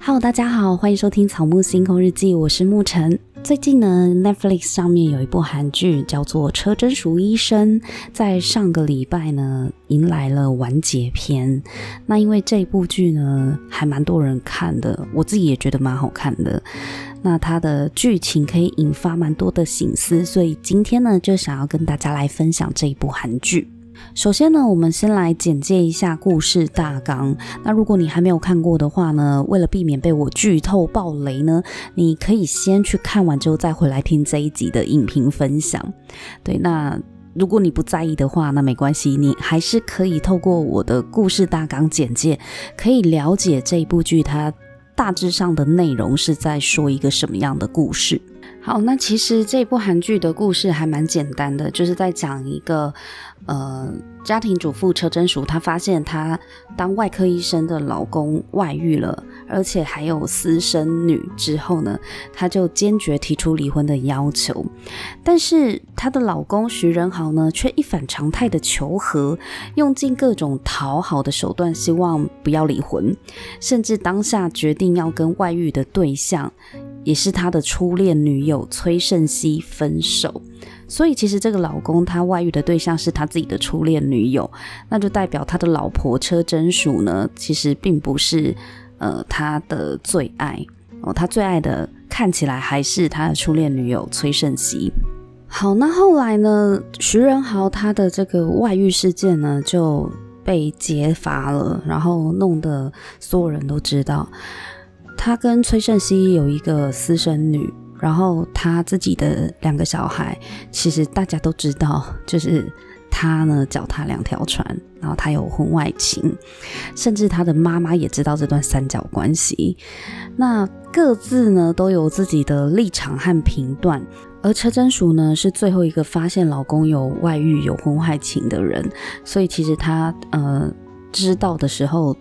哈嘍大家好，歡迎收聽《草木星空日記》，我是牧晨。最近呢，Netflix 上面有一部韓劇叫做《車貞淑醫生》，在上個禮拜呢迎來了完結篇。那因為這部劇呢，還蠻多人看的，我自己也覺得蠻好看的。那它的劇情可以引發蠻多的省思，所以今天呢，就想要跟大家來分享這一部韓劇。首先呢，我們先來簡介一下故事大綱。那如果你還沒有看過的話呢，為了避免被我劇透爆雷呢，你可以先去看完之後再回來聽這一集的影評分享。對，那如果你不在意的話，那沒關係，你還是可以透過我的故事大綱簡介，可以了解這一部劇它大致上的內容是在說一個什麼樣的故事。好，那其實這部韓劇的故事還蠻簡單的，就是在講一個，呃，家庭主婦車貞淑，她發現她當外科醫生的老公外遇了，而且還有私生女之後呢，她就堅決提出離婚的要求。但是她的老公徐仁豪呢，卻一反常態的求和，用盡各種討好的手段，希望不要離婚，甚至當下決定要跟外遇的對象。也是他的初戀女友崔勝熙分手，所以其實這個老公他外遇的對象是他自己的初戀女友，那就代表他的老婆車貞淑呢，其實並不是呃他的最愛哦，他最愛的看起來還是他的初戀女友崔勝熙。好，那後來呢，徐仁豪他的這個外遇事件呢就被揭發了，然後弄得所有人都知道。他跟崔勝熙有一個私生女，然後他自己的兩個小孩，其實大家都知道，就是他呢腳踏兩條船，然後他有婚外情，甚至他的媽媽也知道這段三角關係。那各自呢都有自己的立場和評斷，而車貞淑呢是最後一個發現老公有外遇，有婚外情的人，所以其實他呃知道的時候，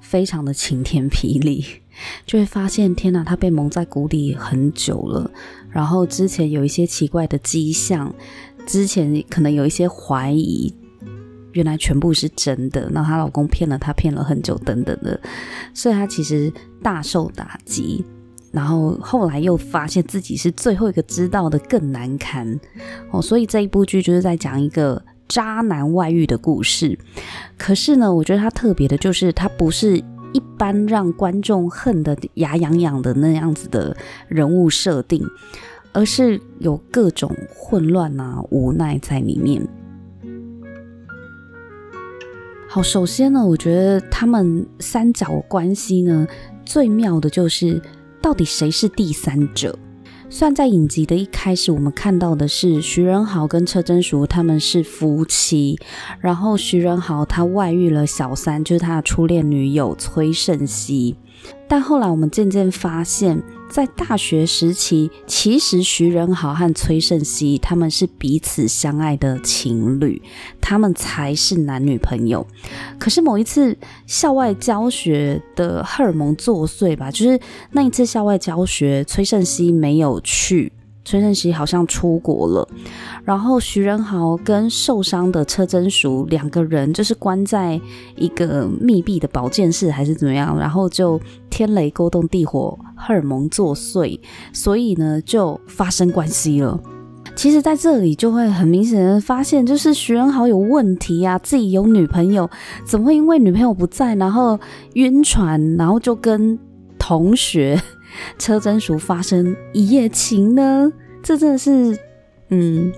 非常的晴天霹靂。就會發現，天哪，她被蒙在鼓裡很久了。然後之前有一些奇怪的跡象，之前可能有一些懷疑，原來全部是真的。那她老公騙了她，騙了很久，等等的，所以她其實大受打擊。然後後來又發現自己是最後一個知道的，更難堪哦。所以這一部劇就是在講一個渣男外遇的故事。可是呢，我覺得它特別的就是，它不是。一般讓觀眾恨得牙癢癢的那樣子的人物設定，而是有各種混亂啊、無奈在裡面。好，首先呢，我覺得他們三角關係呢，最妙的就是到底誰是第三者。算在影集的一開始，我們看到的是徐仁豪跟車貞淑他們是夫妻，然後徐仁豪他外遇了小三，就是他的初戀女友崔勝熙，但後來我們漸漸發現。在大學時期，其實徐仁豪和崔勝熙他們是彼此相愛的情侶，他們才是男女朋友。可是某一次校外教學的荷爾蒙作祟吧，就是那一次校外教學，崔勝熙沒有去。崔勝熙好像出國了，然後徐仁豪跟受傷的車貞淑兩個人就是關在一個密閉的保健室還是怎麼樣，然後就天雷勾動地火，荷爾蒙作祟，所以呢就發生關係了。其實在這裡就會很明顯的發現，就是徐仁豪有問題啊，自己有女朋友，怎麼會因為女朋友不在，然後暈船，然後就跟同學？車貞淑發生一夜情呢，這真的是，嗯，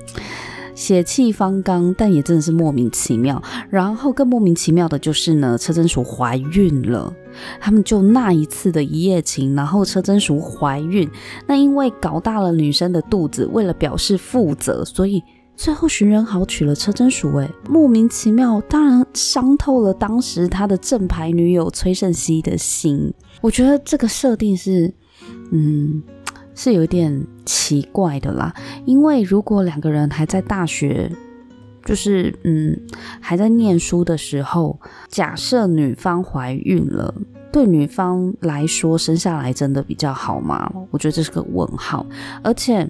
血氣方剛，但也真的是莫名其妙。然後更莫名其妙的就是呢，車貞淑懷孕了。他們就那一次的一夜情，然後車貞淑懷孕，那因為搞大了女生的肚子，為了表示負責，所以最後徐仁豪娶了車貞淑。哎，莫名其妙，當然傷透了當時他的正牌女友崔勝熙的心。我覺得這個設定是。嗯，是有點奇怪的啦，因為如果兩個人還在大學，就是嗯還在念書的時候，假設女方懷孕了，對女方來說生下來真的比較好嗎？我覺得這是個問號。而且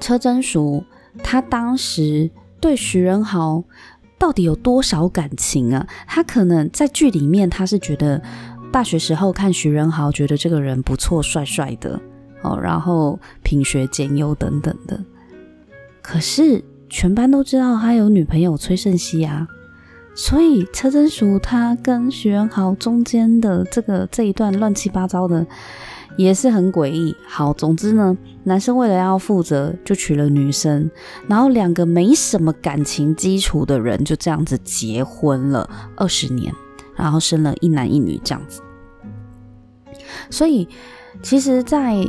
車貞淑她當時對徐仁豪到底有多少感情啊？她可能在劇裡面她是覺得。大學時候看徐仁豪，覺得這個人不錯，帥帥的，哦，然後品學兼優等等的。可是全班都知道他有女朋友崔勝熙啊，所以車貞淑他跟徐仁豪中間的這個這一段亂七八糟的也是很詭異。好，總之呢，男生為了要負責就娶了女生，然後兩個沒什麼感情基礎的人就這樣子結婚了二十年。然後生了一男一女這樣子，所以其實，在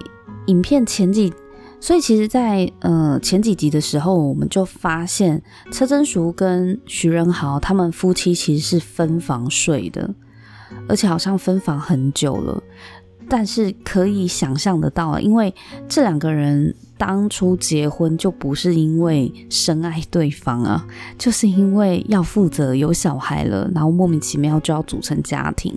影片前幾，所以其實在，在、呃、嗯前幾集的時候，我們就發現車貞淑跟徐仁豪他們夫妻其實是分房睡的，而且好像分房很久了，但是可以想象得到，因為這兩個人。當初結婚就不是因為深愛對方啊，就是因為要負責有小孩了，然後莫名其妙就要組成家庭。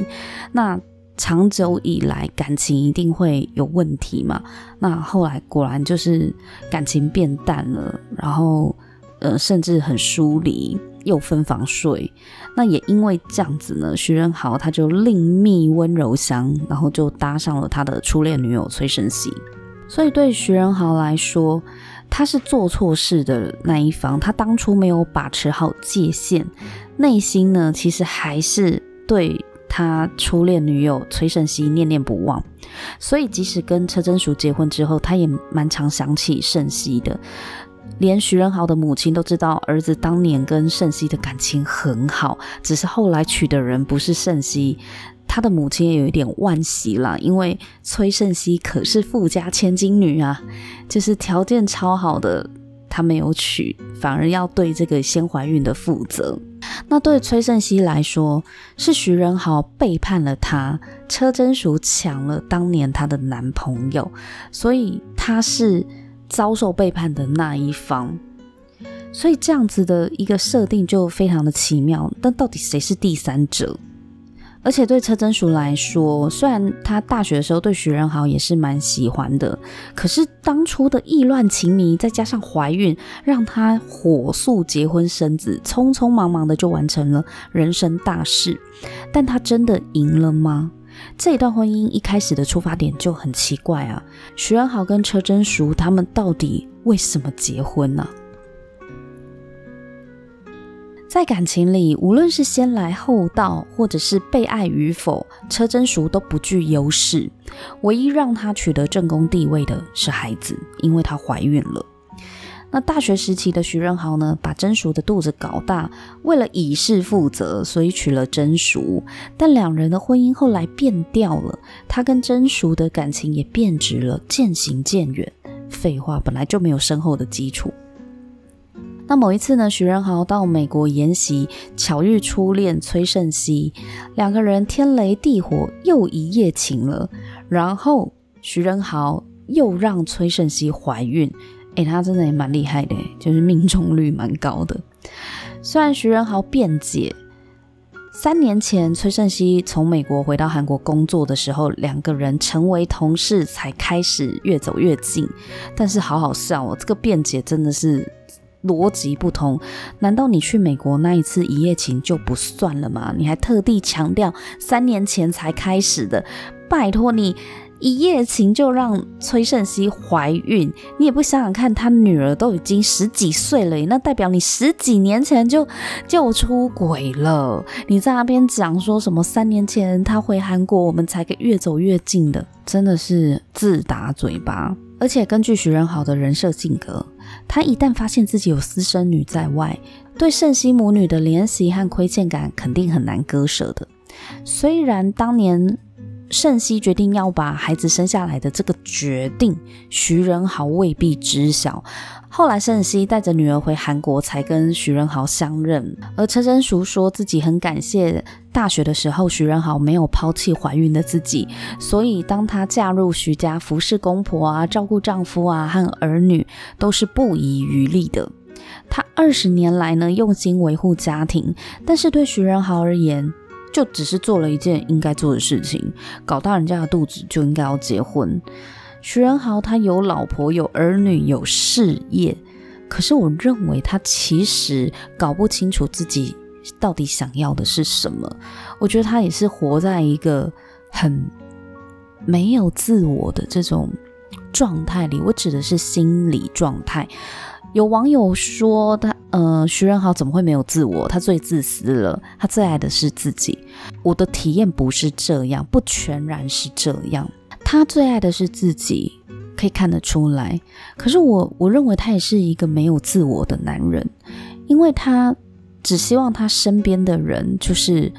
那長久以來感情一定會有問題嘛。那後來果然就是感情變淡了，然後呃甚至很疏離，又分房睡。那也因為這樣子呢，徐仁豪他就另覓溫柔鄉，然後就搭上了他的初戀女友崔勝熙。所以對徐仁豪來說，他是做錯事的那一方，他當初沒有把持好界限，內心呢，其實還是對他初戀女友崔勝熙念念不忘。所以即使跟車貞淑結婚之後，他也蠻常想起勝熙的。連徐仁豪的母親都知道，兒子當年跟勝熙的感情很好，只是後來娶的人不是勝熙。他的母親也有一點惋惜啦，因為崔勝熙可是富家千金女啊，就是條件超好的，她沒有娶，反而要對這個先懷孕的負責。那對崔勝熙來說，是徐仁豪背叛了她，車貞淑搶了當年她的男朋友，所以她是遭受背叛的那一方。所以這樣子的一個設定就非常的奇妙，但到底誰是第三者？而且對車貞淑來說，雖然她大學的時候對徐仁豪也是蠻喜歡的，可是當初的意亂情迷，再加上懷孕，讓她火速結婚生子，匆匆忙忙的就完成了人生大事。但她真的贏了嗎？這一段婚姻一開始的出發點就很奇怪啊！徐仁豪跟車貞淑他們到底為什麼結婚呢、啊？在感情裡，無論是先來後到，或者是被愛與否，車貞淑都不具優勢。唯一讓她取得正宮地位的是孩子，因為她懷孕了。那大學時期的徐仁豪呢，把貞淑的肚子搞大，為了以示負責，所以娶了貞淑。但兩人的婚姻後來變調了，他跟貞淑的感情也變質了，漸行漸遠。廢話，本來就沒有深厚的基礎。那某一次呢，徐仁豪到美國研習，巧遇初戀崔勝熙，兩個人天雷地火，又一夜情了。然後徐仁豪又讓崔勝熙懷孕，哎，他真的也蠻厲害的，就是命中率蠻高的。雖然徐仁豪辯解，三年前崔勝熙從美國回到韓國工作的時候，兩個人成為同事才開始越走越近，但是好好笑哦，這個辯解真的是。邏輯不通，難道你去美國那一次一夜情就不算了嗎？你還特地強調三年前才開始的，拜託你一夜情就讓崔勝熙懷孕，你也不想想看，他女兒都已經十幾歲了，那代表你十幾年前就就出軌了。你在那邊講說什麼三年前他回韓國我們才可以越走越近的，真的是自打嘴巴。而且根據徐仁豪的人設性格。他一旦發現自己有私生女在外，對勝熙母女的憐惜和虧欠感肯定很難割捨的。雖然當年。勝熙決定要把孩子生下來的這個決定，徐仁豪未必知曉。後來勝熙帶着女兒回韓國，才跟徐仁豪相認。而車貞淑說自己很感謝大學的時候，徐仁豪沒有拋棄懷孕的自己，所以當她嫁入徐家，服侍公婆啊，照顧丈夫啊，和兒女，都是不遺餘力的。她二十年來呢，用心維護家庭，但是對徐仁豪而言。就只是做了一件應該做的事情，搞到人家的肚子就應該要結婚。徐仁豪他有老婆，有兒女，有事業，可是我認為他其實搞不清楚自己到底想要的是什麼。我覺得他也是活在一個很沒有自我的這種狀態裡，我指的是心理狀態。有網友說他。嗯、呃，徐仁豪怎麼會沒有自我？他最自私了，他最愛的是自己。我的體驗不是這樣，不全然是這樣。他最愛的是自己，可以看得出來。可是我我認為他也是一個沒有自我的男人，因為他只希望他身邊的人就是。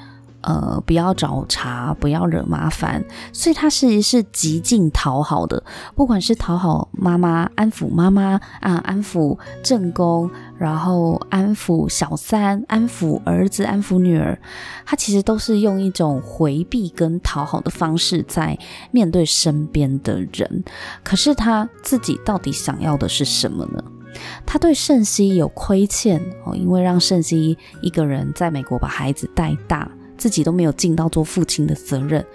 呃，不要找茬，不要惹麻煩，所以他是是極盡討好的，不管是討好媽媽、安撫媽媽啊，安撫正宮，然後安撫小三、安撫兒子、安撫女兒，他其實都是用一種回避跟討好的方式在面對身邊的人。可是他自己到底想要的是什麼呢？他對勝熙有虧欠哦，因為讓勝熙一個人在美國把孩子帶大。自己都沒有盡到做父親的責任，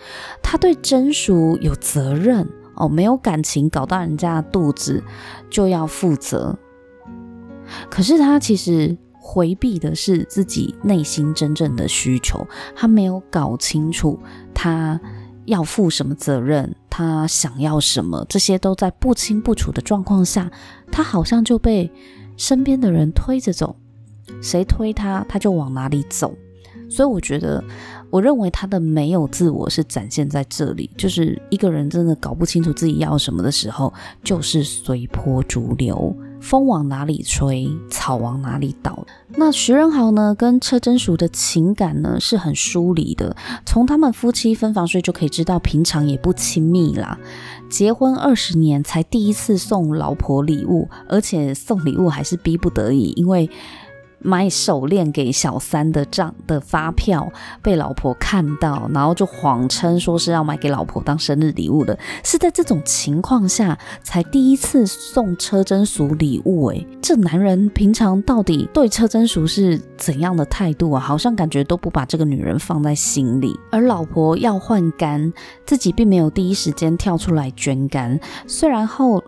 他對貞淑有責任哦，沒有感情搞到人家的肚子就要負責。可是他其實回避的是自己內心真正的需求，他沒有搞清楚他要負什麼責任，他想要什麼，這些都在不清不楚的狀況下，他好像就被身邊的人推着走，誰推他他就往哪裡走。所以我覺得，我認為他的沒有自我是展現在這裡，就是一個人真的搞不清楚自己要什麼的時候，就是隨波逐流，風往哪裡吹，草往哪裡倒。那徐仁豪呢，跟車貞淑的情感呢是很疏離的，從他們夫妻分房睡就可以知道，平常也不親密啦。結婚二十年才第一次送老婆禮物，而且送禮物還是逼不得已，因為。買手鏈給小三的賬的發票被老婆看到，然後就謊稱說是要買給老婆當生日禮物的，是在這種情況下才第一次送車貞淑禮物。哎，這男人平常到底對車貞淑是怎樣的態度啊？好像感覺都不把這個女人放在心裡。而老婆要換肝，自己並沒有第一時間跳出來捐肝，雖然後。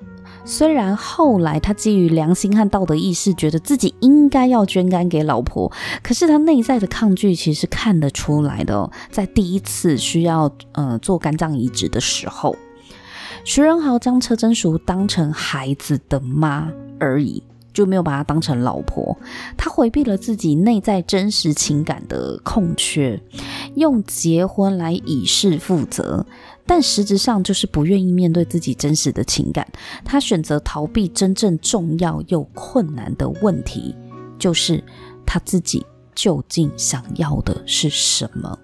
雖然後來他基於良心和道德意識，覺得自己應該要捐肝給老婆，可是他內在的抗拒其實看得出來的哦，在第一次需要，呃，做肝臟移植的時候，徐仁豪將車貞淑當成孩子的媽而已，就沒有把她當成老婆。他回避了自己內在真實情感的空缺，用結婚來以示負責。但實質上就是不願意面對自己真實的情感，他選擇逃避真正重要又困難的問題，就是他自己究竟想要的是什麼。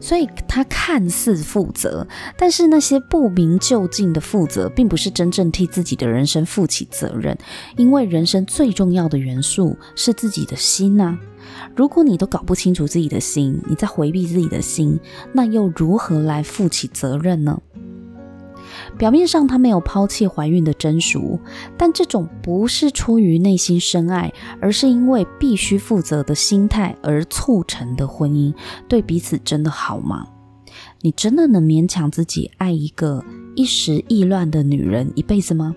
所以，他看似負責，但是那些不明究竟的負責，並不是真正替自己的人生負起責任，因為人生最重要的元素是自己的心吶。如果你都搞不清楚自己的心，你在回避自己的心，那又如何來負起責任呢？表面上他沒有拋棄懷孕的貞淑，但這種不是出於內心深愛，而是因為必須負責的心態而促成的婚姻，對彼此真的好嗎？你真的能勉強自己愛一個一時意亂的女人一輩子嗎？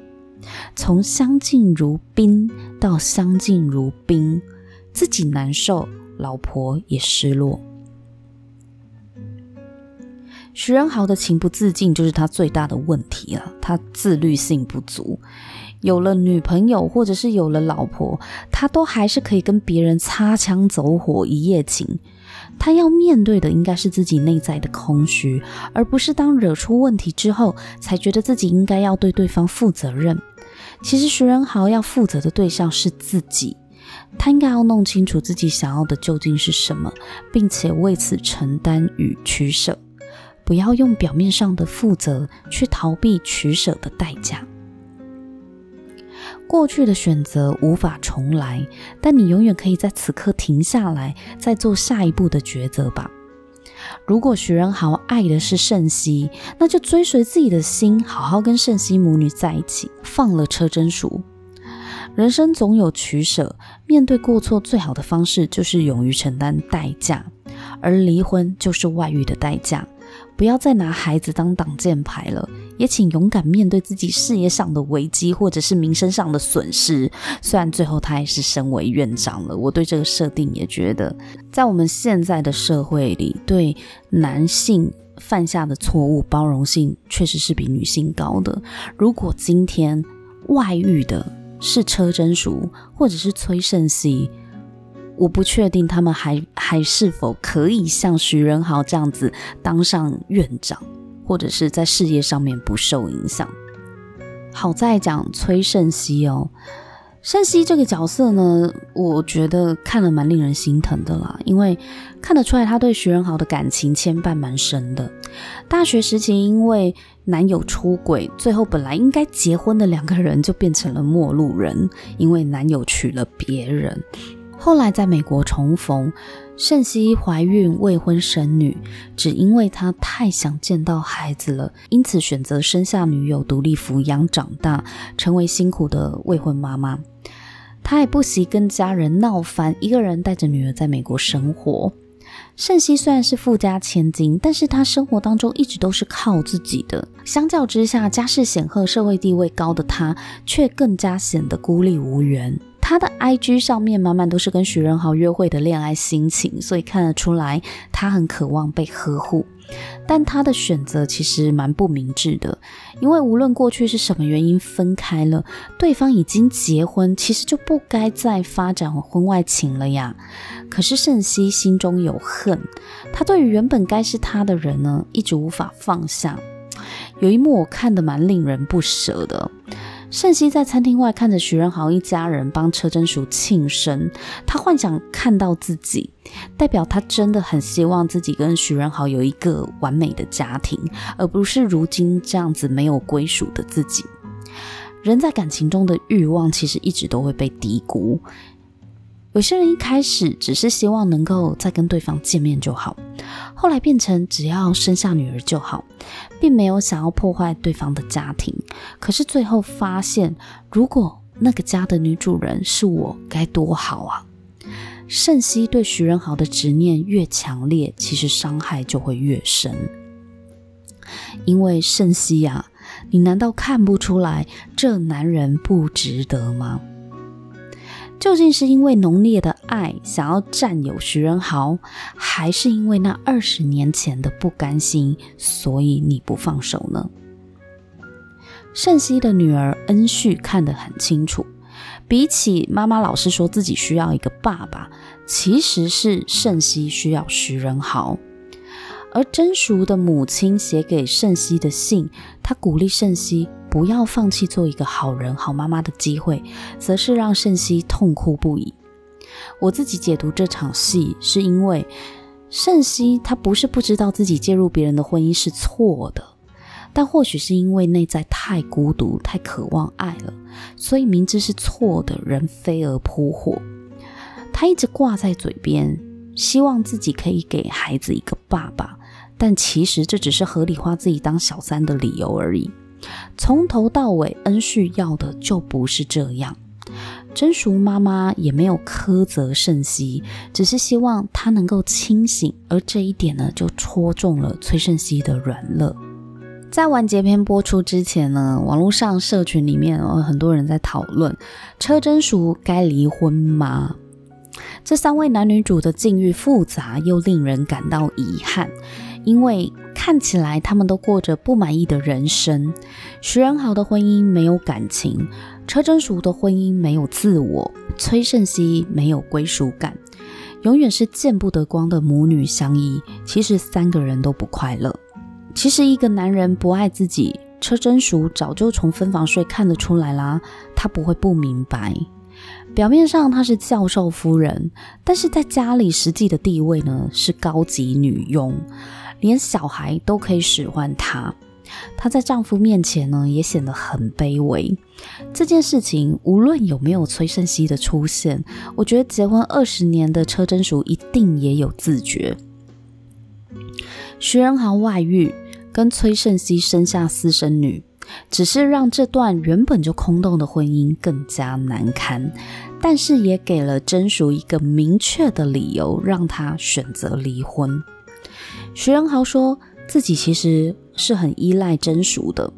從相敬如賓到相敬如賓。自己難受，老婆也失落。徐仁豪的情不自禁就是他最大的問題了。他自律性不足，有了女朋友或者是有了老婆，他都還是可以跟別人擦槍走火一夜情。他要面對的應該是自己內在的空虛，而不是當惹出問題之後才覺得自己應該要對對方負責任。其實徐仁豪要負責的對象是自己。他應該要弄清楚自己想要的究竟是什麼，並且為此承擔與取捨，不要用表面上的負責去逃避取捨的代價。過去的選擇無法重來，但你永遠可以在此刻停下來，再做下一步的抉擇吧。如果徐仁豪愛的是勝熙，那就追隨自己的心，好好跟勝熙母女在一起，放了車貞淑。人生總有取舍，面對過錯最好的方式就是勇於承擔代價，而離婚就是外遇的代價。不要再拿孩子當擋箭牌了，也請勇敢面對自己事業上的危機或者是名聲上的損失。雖然最後他也是升為院長了，我對這個設定也覺得，在我們現在的社會裡，對男性犯下的錯誤包容性確實是比女性高的。如果今天外遇的，是車貞淑，或者是崔勝熙，我不確定他們還還是否可以像徐仁豪這樣子當上院長，或者是在事業上面不受影響。好在講崔勝熙哦。勝熙這個角色呢，我覺得看了蠻令人心疼的啦，因為看得出來她對徐仁豪的感情牽絆蠻深的。大學時期因為男友出軌，最後本來應該結婚的兩個人就變成了陌路人，因為男友娶了別人。後來在美國重逢，勝熙懷孕未婚生女，只因為她太想見到孩子了，因此選擇生下女友獨立撫養長大，成為辛苦的未婚媽媽。她也不惜跟家人鬧翻，一個人帶着女兒在美國生活。勝熙雖然是富家千金，但是她生活當中一直都是靠自己的。相較之下，家世顯赫、社會地位高的她，卻更加顯得孤立無援。他的 IG 上面滿滿都是跟徐仁豪約會的戀愛心情，所以看得出來他很渴望被呵護。但他的選擇其實蠻不明智的，因為無論過去是什麼原因分開了，對方已經結婚，其實就不該再發展婚外情了呀。可是勝熙心中有恨，他對於原本該是他的人呢，一直無法放下。有一幕我看得蠻令人不捨的。勝熙在餐廳外看着徐仁豪一家人幫車貞淑慶生，他幻想看到自己，代表他真的很希望自己跟徐仁豪有一個完美的家庭，而不是如今這樣子沒有歸屬的自己。人在感情中的慾望其實一直都會被低估。有些人一開始只是希望能夠再跟對方見面就好，後來變成只要生下女兒就好，並沒有想要破壞對方的家庭。可是最後發現，如果那個家的女主人是我，該多好啊！勝熙對徐仁豪的執念越強烈，其實傷害就會越深。因為勝熙呀，你難道看不出來這男人不值得嗎？究竟是因為濃烈的愛，想要占有徐仁豪，還是因為那二十年前的不甘心，所以你不放手呢？勝熙的女兒恩絮看得很清楚，比起媽媽老是說自己需要一個爸爸，其實是勝熙需要徐仁豪。而貞淑的母親寫給勝熙的信，她鼓勵勝熙。不要放棄做一個好人、好媽媽的機會，則是讓勝熙痛哭不已。我自己解讀這場戲，是因為勝熙他不是不知道自己介入別人的婚姻是錯的，但或許是因為內在太孤獨、太渴望愛了，所以明知是錯的人飛蛾撲火。他一直掛在嘴邊，希望自己可以給孩子一個爸爸，但其實這只是合理化自己當小三的理由而已。從頭到尾，恩旭要的就不是這樣。貞淑媽媽也沒有苛責勝熙，只是希望她能夠清醒。而這一點呢，就戳中了崔勝熙的軟肋。在完結篇播出之前呢，網絡上、社群裡面哦，很多人在討論車貞淑該離婚嗎？這三位男女主的境遇複雜又令人感到遺憾。因為看起來他們都過着不滿意的人生，徐仁豪的婚姻沒有感情，車貞淑的婚姻沒有自我，崔勝熙沒有歸屬感，永遠是見不得光的母女相依。其實三個人都不快樂。其實一個男人不愛自己，車貞淑早就從分房睡看得出來啦，她不會不明白。表面上她是教授夫人，但是在家裡實際的地位呢，是高級女傭。連小孩都可以使喚她，她在丈夫面前呢也顯得很卑微。這件事情無論有沒有崔勝熙的出現，我覺得結婚二十年的車貞淑一定也有自覺。徐仁豪外遇，跟崔勝熙生下私生女，只是讓這段原本就空洞的婚姻更加難堪，但是也給了貞淑一個明確的理由，讓她選擇離婚。徐仁豪說自己其實是很依賴貞淑的。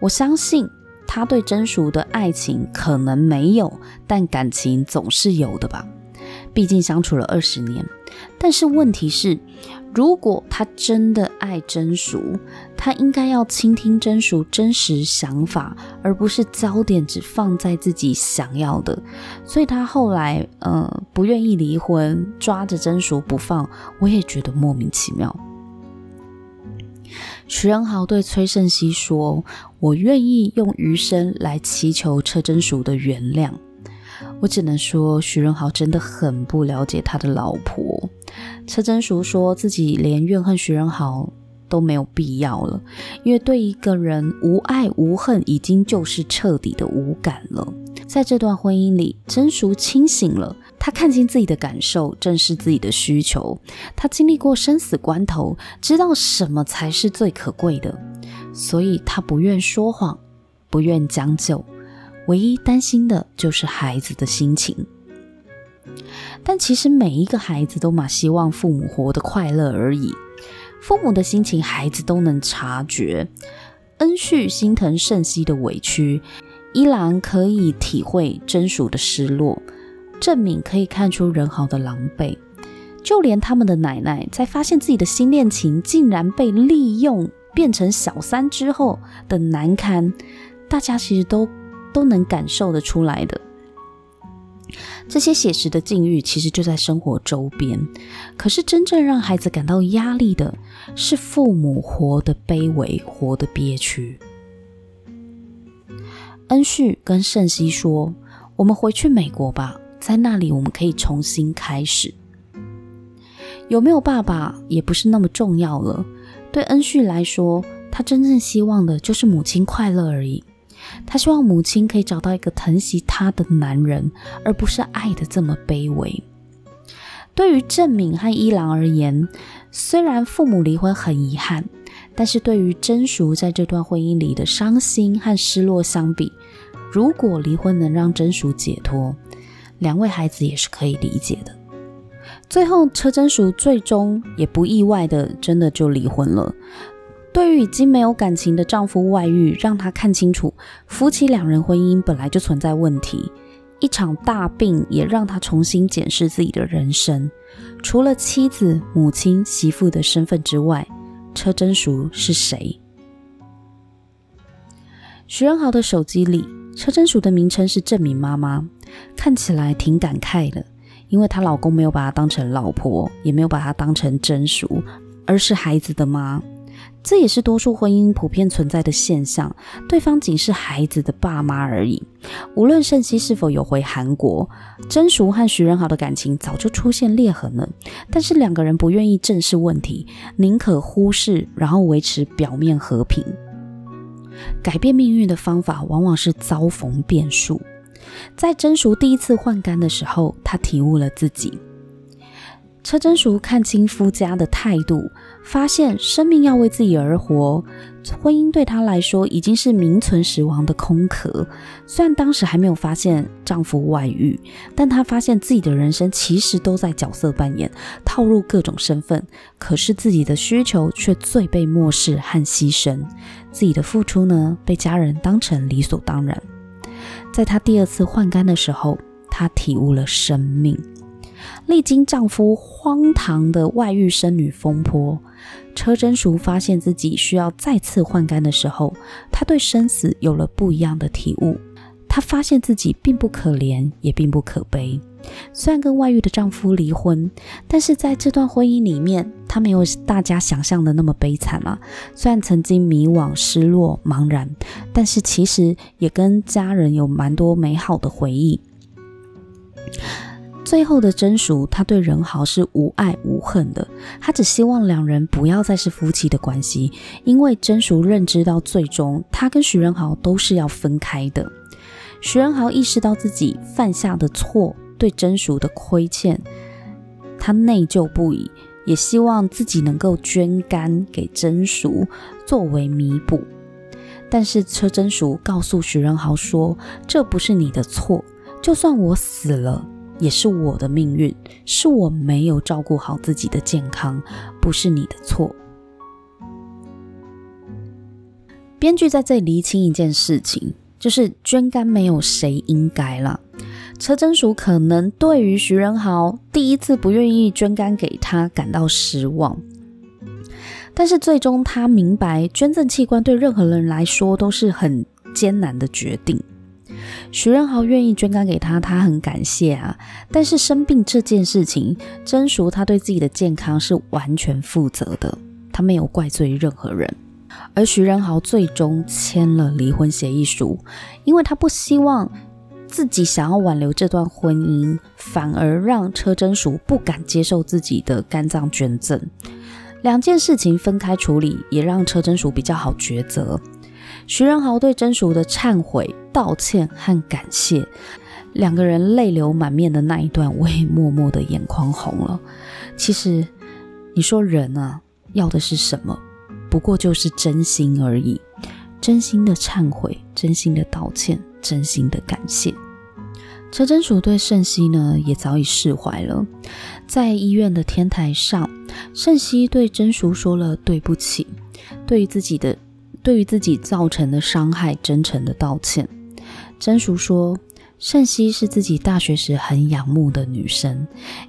我相信他對貞淑的愛情可能沒有，但感情總是有的吧，畢竟相處了二十年。但是問題是，如果他真的愛貞淑，他應該要傾聽貞淑真實想法，而不是焦點只放在自己想要的。所以他後來呃不願意離婚，抓着貞淑不放，我也覺得莫名其妙。徐仁豪對崔勝熙說：“我願意用餘生來祈求車貞淑的原諒。”我只能說，徐仁豪真的很不了解他的老婆。車貞淑說自己連怨恨徐仁豪都沒有必要了，因為對一個人無愛無恨，已經就是徹底的無感了。在這段婚姻裡，貞淑清醒了。他看清自己的感受，正視自己的需求。他經歷過生死關頭，知道什麼才是最可貴的，所以他不願說謊，不願將就。唯一擔心的就是孩子的心情。但其實每一個孩子都嘛希望父母活得快樂而已。父母的心情，孩子都能察覺。恩旭心疼勝熙的委屈，依然可以體會貞淑的失落。鄭敏可以看出仁豪的狼狽，就連他們的奶奶在發現自己的新戀情竟然被利用變成小三之後的難堪，大家其實都都能感受得出來的。這些寫實的境遇其實就在生活周邊，可是真正讓孩子感到壓力的是父母活得卑微，活得憋屈。恩旭跟勝熙說：“我們回去美國吧。”在那裡，我們可以重新開始。有沒有爸爸也不是那麼重要了。對恩旭來說，他真正希望的就是母親快樂而已。他希望母親可以找到一個疼惜他的男人，而不是愛的這麼卑微。對於鄭敏和伊朗而言，雖然父母離婚很遺憾，但是對於貞淑在這段婚姻裡的傷心和失落相比，如果離婚能讓貞淑解脫。兩位孩子也是可以理解的。最後，車貞淑最終也不意外的，真的就離婚了。對於已經沒有感情的丈夫外遇，讓她看清楚夫妻兩人婚姻本來就存在問題。一場大病也讓她重新檢視自己的人生。除了妻子、母親、媳婦的身份之外，車貞淑是誰？徐仁豪的手機裡，車貞淑的名稱是“證明媽媽”。看起來挺感慨的，因為她老公沒有把她當成老婆，也沒有把她當成貞淑，而是孩子的媽。這也是多數婚姻普遍存在的現象，對方僅是孩子的爸媽而已。無論勝熙是否有回韓國，貞淑和徐仁豪的感情早就出現裂痕了，但是兩個人不願意正視問題，寧可忽視，然後維持表面和平。改變命運的方法，往往是遭逢變數。在貞淑第一次換肝的時候，她體悟了自己。車貞淑看清夫家的態度，發現生命要為自己而活，婚姻對她來說已經是名存實亡的空殼。雖然當時還沒有發現丈夫外遇，但她發現自己的人生其實都在角色扮演，套入各種身份，可是自己的需求卻最被漠視和犧牲，自己的付出呢，被家人當成理所當然。在她第二次換肝的時候，她體悟了生命。歷經丈夫荒唐的外遇生女風波，車貞淑發現自己需要再次換肝的時候，她對生死有了不一樣的體悟。她發現自己並不可憐，也並不可悲。雖然跟外遇的丈夫離婚，但是在這段婚姻裡面，她沒有大家想象的那麼悲慘了、啊。雖然曾經迷惘、失落、茫然，但是其實也跟家人有蠻多美好的回憶。最後的貞淑，她對仁豪是無愛無恨的，她只希望兩人不要再是夫妻的關係，因為貞淑認知到最終她跟徐仁豪都是要分開的。徐仁豪意識到自己犯下的錯。對貞淑的虧欠，他內疚不已，也希望自己能夠捐肝給貞淑作為彌補。但是車貞淑告訴徐仁豪說：“這不是你的錯，就算我死了，也是我的命運，是我沒有照顧好自己的健康，不是你的錯。”編劇在這裡釐清一件事情，就是捐肝沒有誰應該了。車貞淑可能對於徐仁豪第一次不願意捐肝給他感到失望，但是最終他明白，捐贈器官對任何人來說都是很艱難的決定。徐仁豪願意捐肝給他，他很感謝啊。但是生病這件事情，貞淑他對自己的健康是完全負責的，他沒有怪罪任何人。而徐仁豪最終簽了離婚協議書，因為他不希望。自己想要挽留這段婚姻，反而讓車貞淑不敢接受自己的肝臟捐贈。兩件事情分開處理，也讓車貞淑比較好抉擇。徐仁豪對貞淑的懺悔、道歉和感謝，兩個人淚流滿面的那一段，我也默默的眼眶紅了。其實，你說人啊，要的是什麼？不過就是真心而已，真心的懺悔，真心的道歉。真心的感謝，車貞淑對勝熙呢也早已釋懷了。在醫院的天台上，勝熙對貞淑說了對不起，對於自己的對於自己造成的傷害，真誠的道歉。貞淑說，勝熙是自己大學時很仰慕的女生，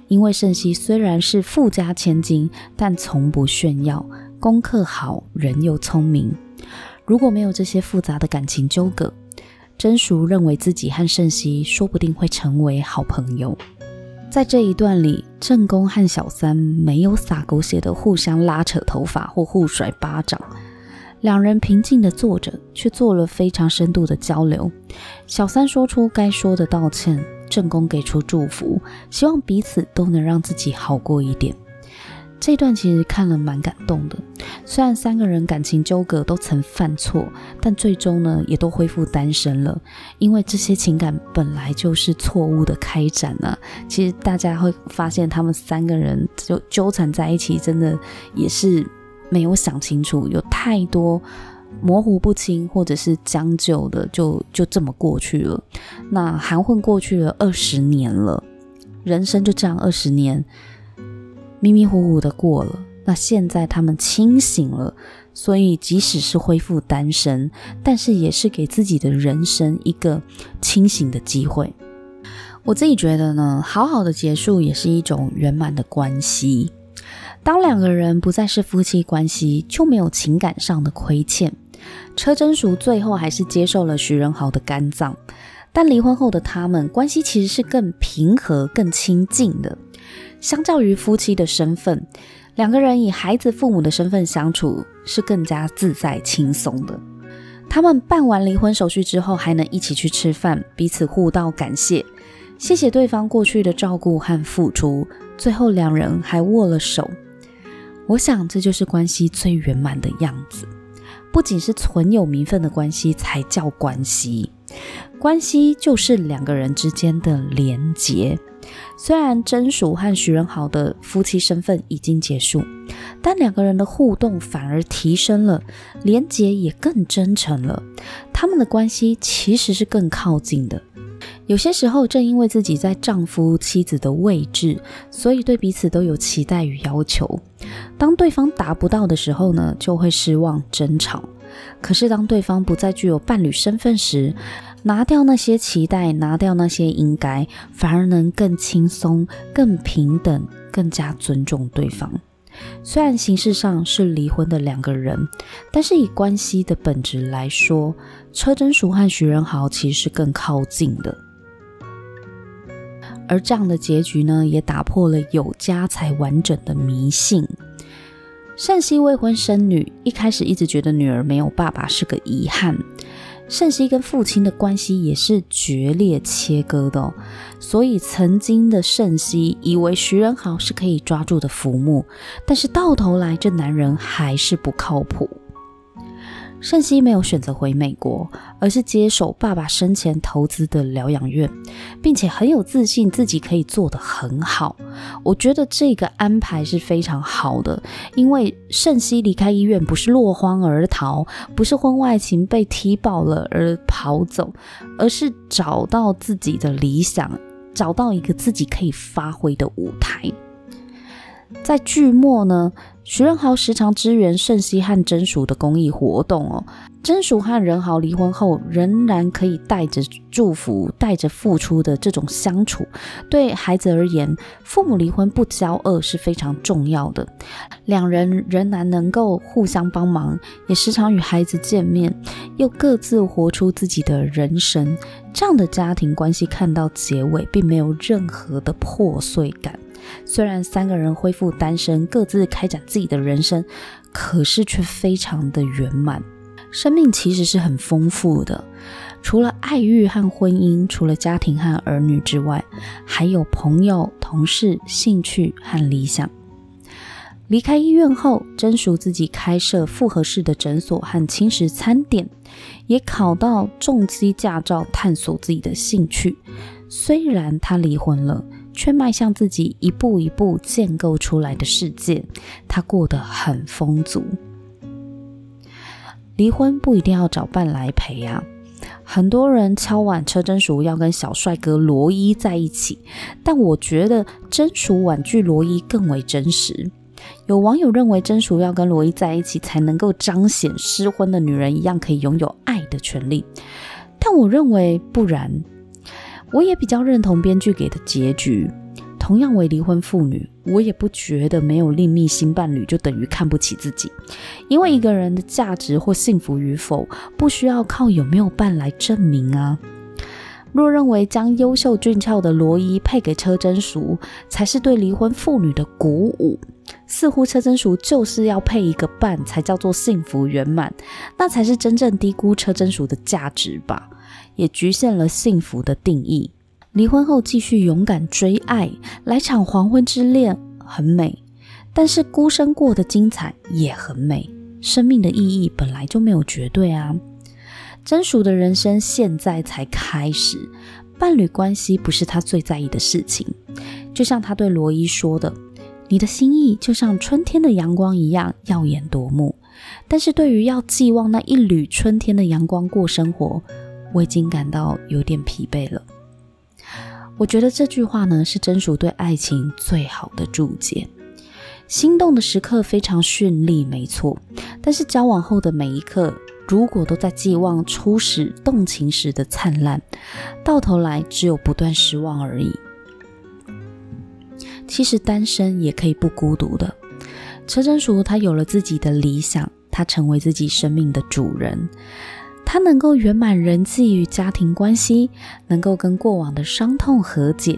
因為勝熙雖然是富家千金，但從不炫耀，功課好，人又聰明。如果沒有這些複雜的感情糾葛，貞淑認為自己和勝熙說不定會成為好朋友。在這一段裡，正宮和小三沒有撒狗血的互相拉扯頭髮或互甩巴掌，兩人平靜的坐着，卻做了非常深度的交流。小三說出該說的道歉，正宮給出祝福，希望彼此都能讓自己好過一點。這段其實看了蠻感動的，雖然三個人感情糾葛都曾犯錯，但最終呢也都恢復單身了，因為這些情感本來就是錯誤的開展啊。其實大家會發現，他們三個人就糾纏在一起，真的也是沒有想清楚，有太多模糊不清或者是將就的就，就就這麼過去了。那含混過去了二十年了，人生就這樣二十年。迷迷糊糊的過了，那現在他們清醒了，所以即使是恢復單身，但是也是給自己的人生一個清醒的機會。我自己覺得呢，好好的結束也是一種圓滿的關係。當兩個人不再是夫妻關係，就沒有情感上的虧欠。車貞淑最後還是接受了徐仁豪的肝臟，但離婚後的他們關係其實是更平和、更親近的。相較於夫妻的身份，兩個人以孩子父母的身份相處是更加自在輕鬆的。他們辦完離婚手續之後，還能一起去吃飯，彼此互道感謝，謝謝對方過去的照顧和付出。最後兩人還握了手。我想這就是關係最圓滿的樣子。不僅是存有名分的關係才叫關係，關係就是兩個人之間的連結。雖然貞淑和徐仁豪的夫妻身份已經結束，但兩個人的互動反而提升了，連結也更真誠了。他們的關係其實是更靠近的。有些時候，正因為自己在丈夫、妻子的位置，所以對彼此都有期待與要求。當對方達不到的時候呢，就會失望、爭吵。可是，當對方不再具有伴侶身份時，拿掉那些期待，拿掉那些應該，反而能更輕鬆、更平等、更加尊重對方。雖然形式上是離婚的兩個人，但是以關係的本質來說，車貞淑和徐仁豪其實是更靠近的。而這樣的結局呢，也打破了有家才完整的迷思。勝熙未婚生女，一開始一直覺得女兒沒有爸爸是個遺憾。勝熙跟父親的關係也是決裂切割的哦，所以曾經的勝熙以為徐仁豪是可以抓住的浮木，但是到頭來這男人還是不靠譜。勝熙沒有選擇回美國，而是接手爸爸生前投資的療養院，並且很有自信自己可以做得很好。我覺得這個安排是非常好的，因為勝熙離開醫院不是落荒而逃，不是婚外情被踢爆了而跑走，而是找到自己的理想，找到一個自己可以發揮的舞台。在劇末呢，徐仁豪時常支援勝熙和真淑的公益活動哦。真淑和仁豪離婚後，仍然可以帶着祝福、帶着付出的這種相處，對孩子而言，父母離婚不交惡是非常重要的。兩人仍然能夠互相幫忙，也時常與孩子見面，又各自活出自己的人生。這樣的家庭關係看到結尾，並沒有任何的破碎感。雖然三個人恢復單身，各自開展自己的人生，可是卻非常的圓滿。生命其實是很豐富的，除了愛慾和婚姻，除了家庭和兒女之外，還有朋友、同事、興趣和理想。離開醫院後，貞淑自己開設複合式的診所和輕食餐點，也考到重機駕照，探索自己的興趣。雖然他離婚了，卻邁向自己一步一步建構出來的世界，他過得很豐足。離婚不一定要找伴來陪啊！很多人敲碗車貞淑要跟小帥哥羅伊在一起，但我覺得貞淑婉拒羅伊更為真實。有網友認為貞淑要跟羅伊在一起，才能夠彰顯失婚的女人一樣可以擁有愛的權利，但我認為不然。我也比較認同編劇給的結局。同樣為離婚婦女，我也不覺得沒有另覓新伴侶就等於看不起自己，因為一個人的價值或幸福與否，不需要靠有沒有伴來證明啊。若認為將優秀俊俏的羅伊配給車貞淑才是對離婚婦女的鼓舞，似乎車貞淑就是要配一個伴才叫做幸福圓滿，那才是真正低估車貞淑的價值吧。也侷限了幸福的定義。離婚後繼續勇敢追愛，來場黃昏之戀很美，但是孤身過的精彩也很美。生命的意義本來就沒有絕對啊。貞淑的人生現在才開始，伴侶關係不是他最在意的事情。就像他對羅伊說的：“你的心意就像春天的陽光一樣耀眼奪目。”但是對於要寄望那一縷春天的陽光過生活。我已經感到有點疲憊了。我覺得這句話呢，是貞淑對愛情最好的注解。心動的時刻非常順利，沒錯。但是交往後的每一刻，如果都在寄望初始動情時的燦爛，到頭來只有不斷失望而已。其實單身也可以不孤獨的。車貞淑他有了自己的理想，他成為自己生命的主人。他能夠圓滿人際與家庭關係，能夠跟過往的傷痛和解。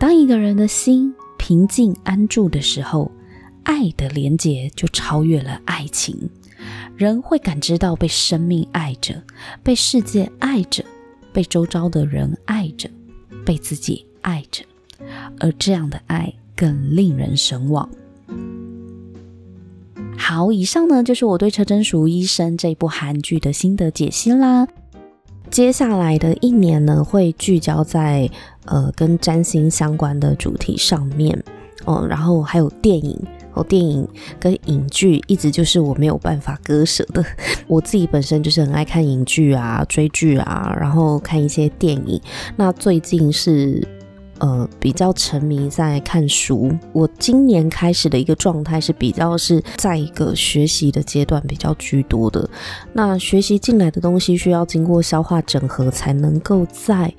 當一個人的心平靜安住的時候，愛的連結就超越了愛情。人會感知到被生命愛着，被世界愛着，被周遭的人愛着，被自己愛着。而這樣的愛更令人神往。好，以上呢，就是我對《車貞淑醫生》這部韓劇的心得解析啦。接下來的一年呢，會聚焦在呃跟占星相關的主題上面哦、呃，然後還有電影哦，電影跟影劇一直就是我沒有辦法割舍的。我自己本身就是很愛看影劇啊，追劇啊，然後看一些電影。那最近是。呃，比較沉迷在看書。我今年開始的一個狀態是比較是在一個學習的階段比較居多的。那學習進來的東西需要經過消化整合，才能夠再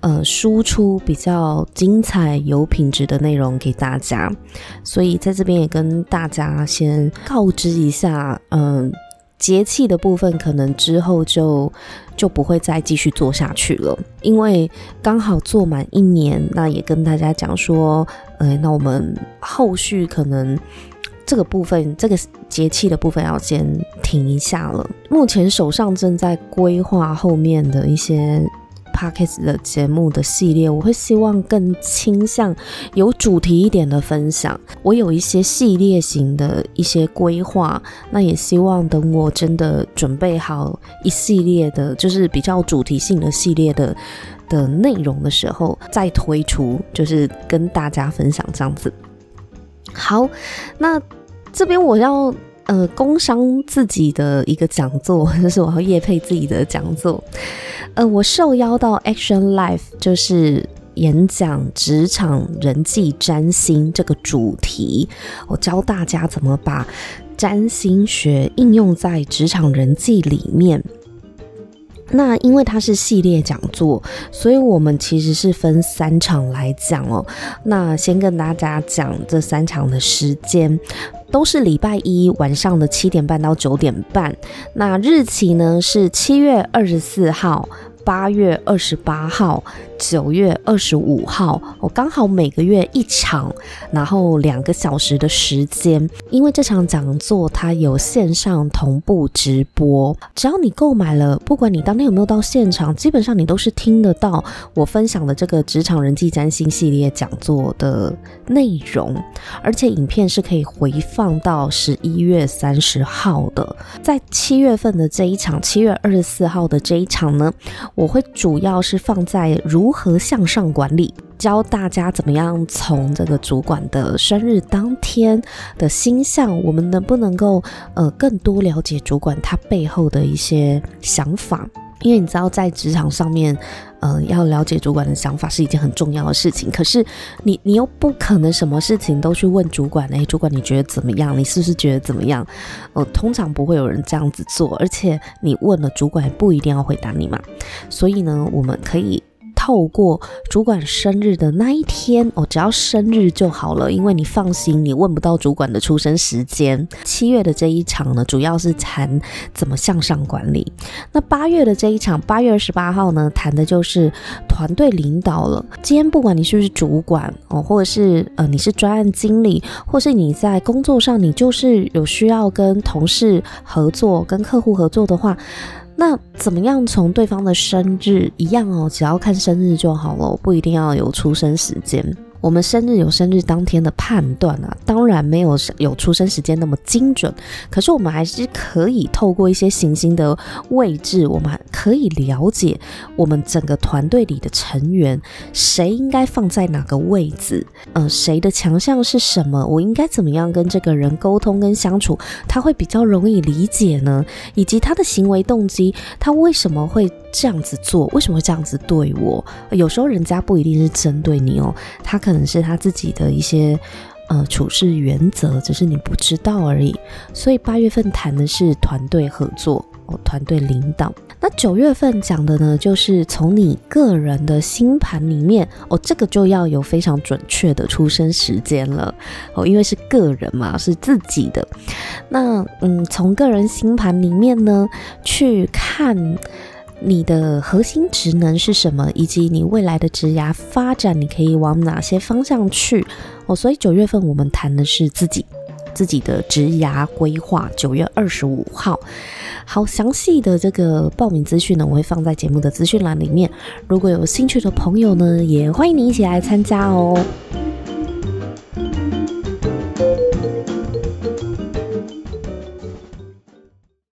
呃輸出比較精彩有品質的內容給大家。所以在這邊也跟大家先告知一下，嗯、呃。節氣的部分可能之後就就不會再繼續做下去了，因為剛好做滿一年，那也跟大家講說，誒，那我們後續可能這個部分，這個節氣的部分要先停一下了。目前手上正在規劃後面的一些。Podcast 的節目的系列，我會希望更傾向有主題一點的分享。我有一些系列型的一些規劃，那也希望等我真的準備好一系列的，就是比較主題性的系列的的內容的時候，再推出，就是跟大家分享這樣子。好，那這邊我要呃，工商自己的一個講座，就是我要業配自己的講座。呃，我受邀到 Action Life，就是演講職場人際占星這個主題，我教大家怎麼把占星學應用在職場人際裡面。那因為它是系列講座，所以我們其實是分三場來講哦。那先跟大家講這三場的時間。都是禮拜一晚上的七點半到九點半，那日期呢，是七月二十四號。八月二十八號、九月二十五號，我、哦，剛好每個月一場，然後兩個小時的時間。因為這場講座它有線上同步直播，只要你購買了，不管你當天有沒有到現場，基本上你都是聽得到我分享的這個職場人際占星系列講座的內容。而且影片是可以回放到十一月三十號的。在七月份的這一場，七月二十四號的這一場呢，我會主要是放在如何向上管理，教大家怎麼樣從這個主管的生日當天的星象，我們能不能夠呃更多了解主管他背後的一些想法。因為你知道，在職場上面，嗯、呃，要了解主管的想法是一件很重要的事情。可是你，你你又不可能什麼事情都去問主管，誒，主管你覺得怎麼樣？你是不是覺得怎麼樣？呃，通常不會有人這樣子做，而且你問了主管，也不一定要回答你嘛。所以呢，我們可以。透過主管生日的那一天哦，只要生日就好了，因為你放心，你問不到主管的出生時間。七月的這一場呢，主要是談怎麼向上管理。那八月的這一場，八月二十八號呢，談的就是團隊領導了。今天不管你是不是主管哦，或者是呃你是專案經理，或是你在工作上你就是有需要跟同事合作、跟客戶合作的話。那怎麼樣從對方的生日一樣哦，只要看生日就好了，不一定要有出生時間。我們生日有生日當天的判斷啊，當然沒有有出生時間那麼精準，可是我們還是可以透過一些行星的位置，我們可以了解我們整個團隊裡的成員誰應該放在哪個位置，呃，誰的強項是什麼，我應該怎麼樣跟這個人溝通跟相處，他會比較容易理解呢？以及他的行為動機，他為什麼會這樣子做？為什麼會這樣子對我？有時候人家不一定是針對你哦，他。可能是他自己的一些呃處事原則，只是你不知道而已。所以八月份談的是團隊合作哦，團隊領導。那九月份講的呢，就是從你個人的星盤裡面哦，這個就要有非常準確的出生時間了哦，因為是個人嘛，是自己的。那嗯，從個人星盤裡面呢，去看。你的核心職能是什麼，以及你未來的職涯發展，你可以往哪些方向去？哦，所以九月份我們談的是自己自己的職涯規劃。九月二十五號，好，詳細的這個報名資訊呢，我會放在節目的資訊欄裡面。如果有興趣的朋友呢，也歡迎你一起來參加哦。